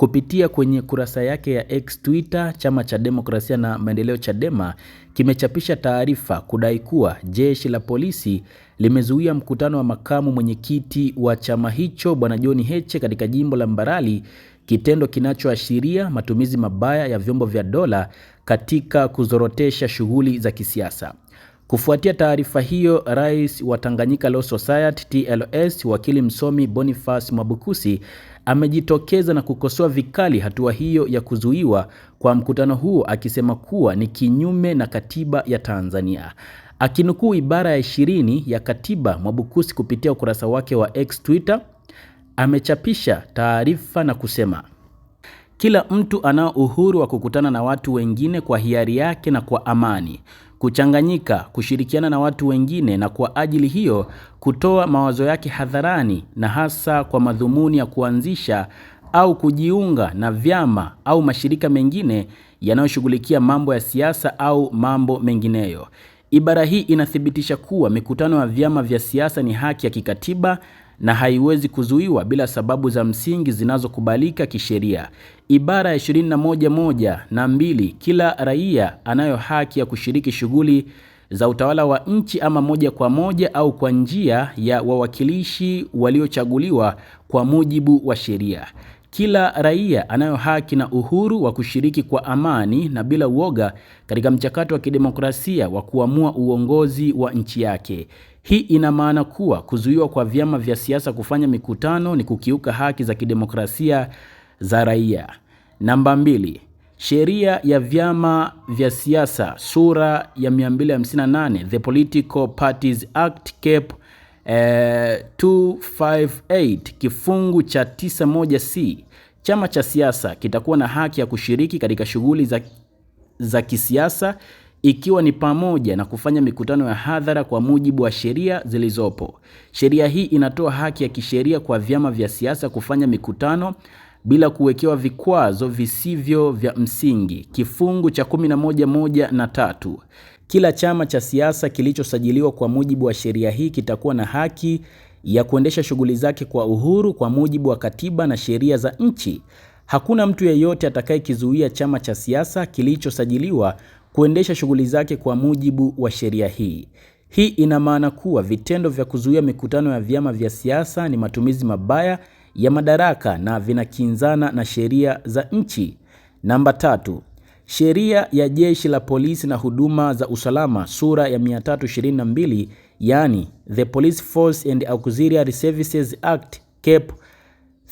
Kupitia kwenye kurasa yake ya X Twitter, chama cha demokrasia na maendeleo Chadema kimechapisha taarifa kudai kuwa jeshi la polisi limezuia mkutano wa makamu mwenyekiti wa chama hicho Bwana John Heche katika jimbo la Mbarali, kitendo kinachoashiria matumizi mabaya ya vyombo vya dola katika kuzorotesha shughuli za kisiasa. Kufuatia taarifa hiyo, rais wa Tanganyika Law Society TLS, wakili msomi Boniface Mwabukusi amejitokeza na kukosoa vikali hatua hiyo ya kuzuiwa kwa mkutano huo akisema kuwa ni kinyume na katiba ya Tanzania. Akinukuu ibara ya ishirini ya katiba, Mwabukusi kupitia ukurasa wake wa X Twitter amechapisha taarifa na kusema kila mtu anao uhuru wa kukutana na watu wengine kwa hiari yake na kwa amani kuchanganyika, kushirikiana na watu wengine na kwa ajili hiyo kutoa mawazo yake hadharani na hasa kwa madhumuni ya kuanzisha au kujiunga na vyama au mashirika mengine yanayoshughulikia mambo ya siasa au mambo mengineyo. Ibara hii inathibitisha kuwa mikutano ya vyama vya siasa ni haki ya kikatiba na haiwezi kuzuiwa bila sababu za msingi zinazokubalika kisheria. Ibara ya 21 na 2, kila raia anayo haki ya kushiriki shughuli za utawala wa nchi ama moja kwa moja au kwa njia ya wawakilishi waliochaguliwa kwa mujibu wa sheria. Kila raia anayo haki na uhuru wa kushiriki kwa amani na bila uoga katika mchakato wa kidemokrasia wa kuamua uongozi wa nchi yake. Hii ina maana kuwa kuzuiwa kwa vyama vya siasa kufanya mikutano ni kukiuka haki za kidemokrasia za raia. Namba mbili, sheria ya vyama vya siasa sura ya 258, The Political Parties Act Cap eh, 258 kifungu cha 91c chama cha siasa kitakuwa na haki ya kushiriki katika shughuli za, za kisiasa ikiwa ni pamoja na kufanya mikutano ya hadhara kwa mujibu wa sheria zilizopo. Sheria hii inatoa haki ya kisheria kwa vyama vya siasa kufanya mikutano bila kuwekewa vikwazo visivyo vya msingi. Kifungu cha 11 moja na tatu kila chama cha siasa kilichosajiliwa kwa mujibu wa sheria hii kitakuwa na haki ya kuendesha shughuli zake kwa uhuru kwa mujibu wa katiba na sheria za nchi. Hakuna mtu yeyote atakayekizuia chama cha siasa kilichosajiliwa kuendesha shughuli zake kwa mujibu wa sheria hii. Hii ina maana kuwa vitendo vya kuzuia mikutano ya vyama vya siasa ni matumizi mabaya ya madaraka na vinakinzana na sheria za nchi. Namba tatu, Sheria ya Jeshi la Polisi na Huduma za Usalama sura ya 322, yani The Police Force and Auxiliary Services Act Cap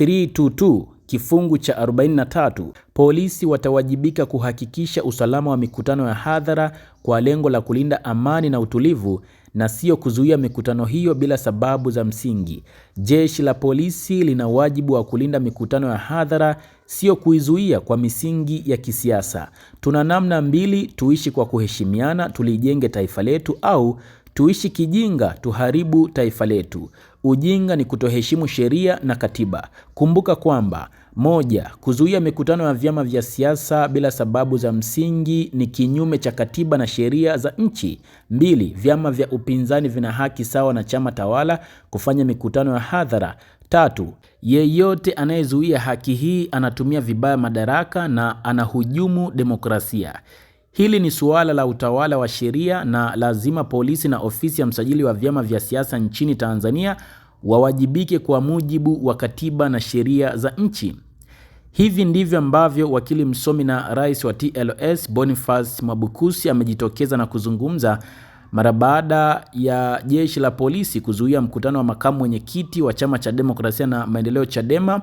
322 kifungu cha 43, polisi watawajibika kuhakikisha usalama wa mikutano ya hadhara kwa lengo la kulinda amani na utulivu na sio kuzuia mikutano hiyo bila sababu za msingi. Jeshi la polisi lina wajibu wa kulinda mikutano ya hadhara sio kuizuia kwa misingi ya kisiasa. Tuna namna mbili: tuishi kwa kuheshimiana, tulijenge taifa letu, au tuishi kijinga, tuharibu taifa letu. Ujinga ni kutoheshimu sheria na katiba. Kumbuka kwamba moja, kuzuia mikutano ya vyama vya siasa bila sababu za msingi ni kinyume cha katiba na sheria za nchi. Mbili, vyama vya upinzani vina haki sawa na chama tawala kufanya mikutano ya hadhara Tatu, yeyote anayezuia haki hii anatumia vibaya madaraka na anahujumu demokrasia. Hili ni suala la utawala wa sheria na lazima polisi na ofisi ya msajili wa vyama vya siasa nchini Tanzania wawajibike kwa mujibu wa katiba na sheria za nchi. Hivi ndivyo ambavyo wakili msomi na rais wa TLS Boniface Mwabukusi amejitokeza na kuzungumza mara baada ya jeshi la polisi kuzuia mkutano wa makamu mwenyekiti wa chama cha demokrasia na maendeleo Chadema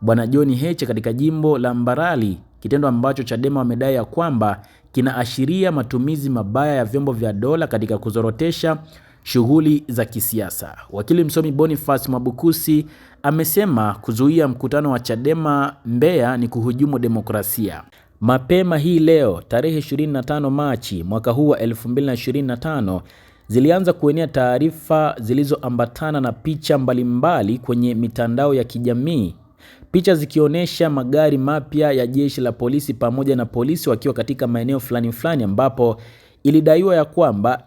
Bwana John Heche katika jimbo la Mbarali, kitendo ambacho Chadema wamedai ya kwamba kinaashiria matumizi mabaya ya vyombo vya dola katika kuzorotesha shughuli za kisiasa. Wakili msomi Boniface Mwabukusi amesema kuzuia mkutano wa Chadema Mbeya ni kuhujumu demokrasia. Mapema hii leo tarehe 25 Machi mwaka huu wa 2025 zilianza kuenea taarifa zilizoambatana na picha mbalimbali kwenye mitandao ya kijamii, picha zikionyesha magari mapya ya jeshi la polisi pamoja na polisi wakiwa katika maeneo fulani fulani, ambapo ilidaiwa ya kwamba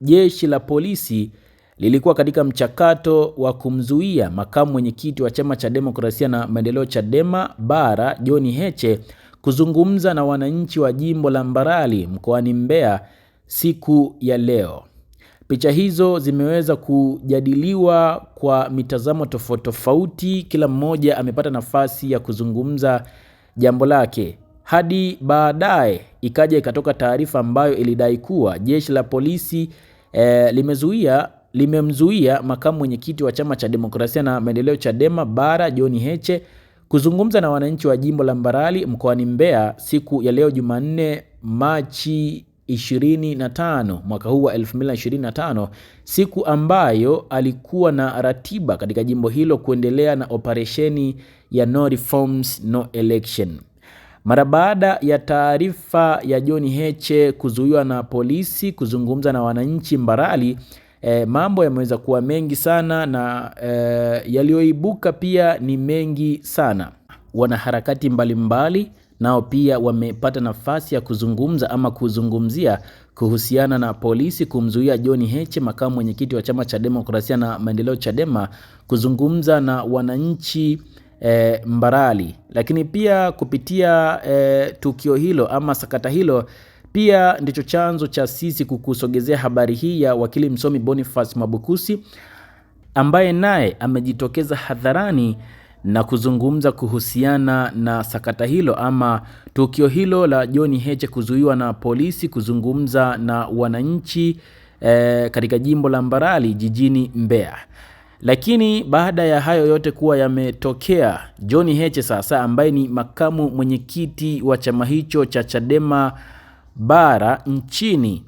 jeshi la polisi lilikuwa katika mchakato wa kumzuia makamu mwenyekiti wa chama cha demokrasia na maendeleo Chadema bara John Heche kuzungumza na wananchi wa jimbo la Mbarali mkoani Mbeya siku ya leo. Picha hizo zimeweza kujadiliwa kwa mitazamo tofauti tofauti, kila mmoja amepata nafasi ya kuzungumza jambo lake, hadi baadaye ikaja ikatoka taarifa ambayo ilidai kuwa jeshi la polisi eh, limezuia limemzuia makamu mwenyekiti wa chama cha demokrasia na maendeleo Chadema bara John Heche kuzungumza na wananchi wa jimbo la Mbarali mkoani Mbeya siku ya leo Jumanne Machi 25 mwaka huu wa 2025, siku ambayo alikuwa na ratiba katika jimbo hilo kuendelea na operesheni ya no reforms no election. Mara baada ya taarifa ya John Heche kuzuiwa na polisi kuzungumza na wananchi Mbarali E, mambo yameweza kuwa mengi sana na e, yaliyoibuka pia ni mengi sana. Wanaharakati mbalimbali nao pia wamepata nafasi ya kuzungumza ama kuzungumzia kuhusiana na polisi kumzuia John Heche, makamu mwenyekiti wa chama cha demokrasia na maendeleo Chadema, kuzungumza na wananchi e, Mbarali, lakini pia kupitia e, tukio hilo ama sakata hilo pia ndicho chanzo cha sisi kukusogezea habari hii ya wakili msomi Boniface Mwabukusi ambaye naye amejitokeza hadharani na kuzungumza kuhusiana na sakata hilo ama tukio hilo la John Heche kuzuiwa na polisi kuzungumza na wananchi e, katika jimbo la Mbarali jijini Mbeya. Lakini baada ya hayo yote kuwa yametokea, John Heche sasa ambaye ni makamu mwenyekiti wa chama hicho cha Chadema bara nchini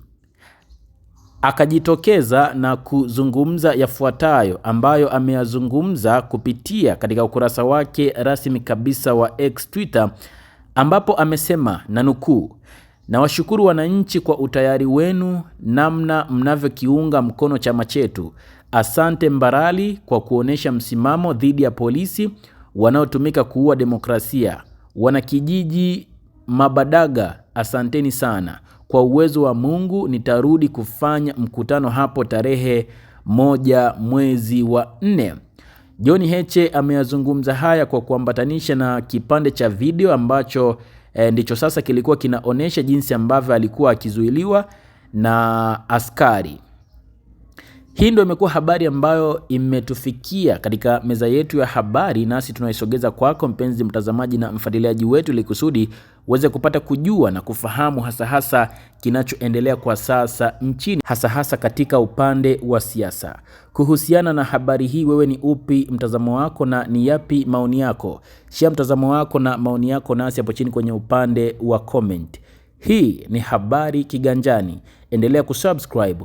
akajitokeza na kuzungumza yafuatayo ambayo ameyazungumza kupitia katika ukurasa wake rasmi kabisa wa X Twitter, ambapo amesema na nukuu, nawashukuru wananchi kwa utayari wenu, namna mnavyokiunga mkono chama chetu. Asante Mbarali kwa kuonyesha msimamo dhidi ya polisi wanaotumika kuua demokrasia. Wanakijiji Mabadaga asanteni sana. Kwa uwezo wa Mungu nitarudi kufanya mkutano hapo tarehe moja mwezi wa nne. John Heche ameyazungumza haya kwa kuambatanisha na kipande cha video ambacho e, ndicho sasa kilikuwa kinaonyesha jinsi ambavyo alikuwa akizuiliwa na askari. Hii ndio imekuwa habari ambayo imetufikia katika meza yetu ya habari, nasi tunaisogeza kwako mpenzi mtazamaji na mfuatiliaji wetu, ili kusudi uweze kupata kujua na kufahamu hasa hasa kinachoendelea kwa sasa nchini, hasa hasa katika upande wa siasa. Kuhusiana na habari hii, wewe ni upi mtazamo wako na ni yapi maoni yako? Shia mtazamo wako na maoni yako nasi hapo chini kwenye upande wa comment. Hii ni habari Kiganjani, endelea kusubscribe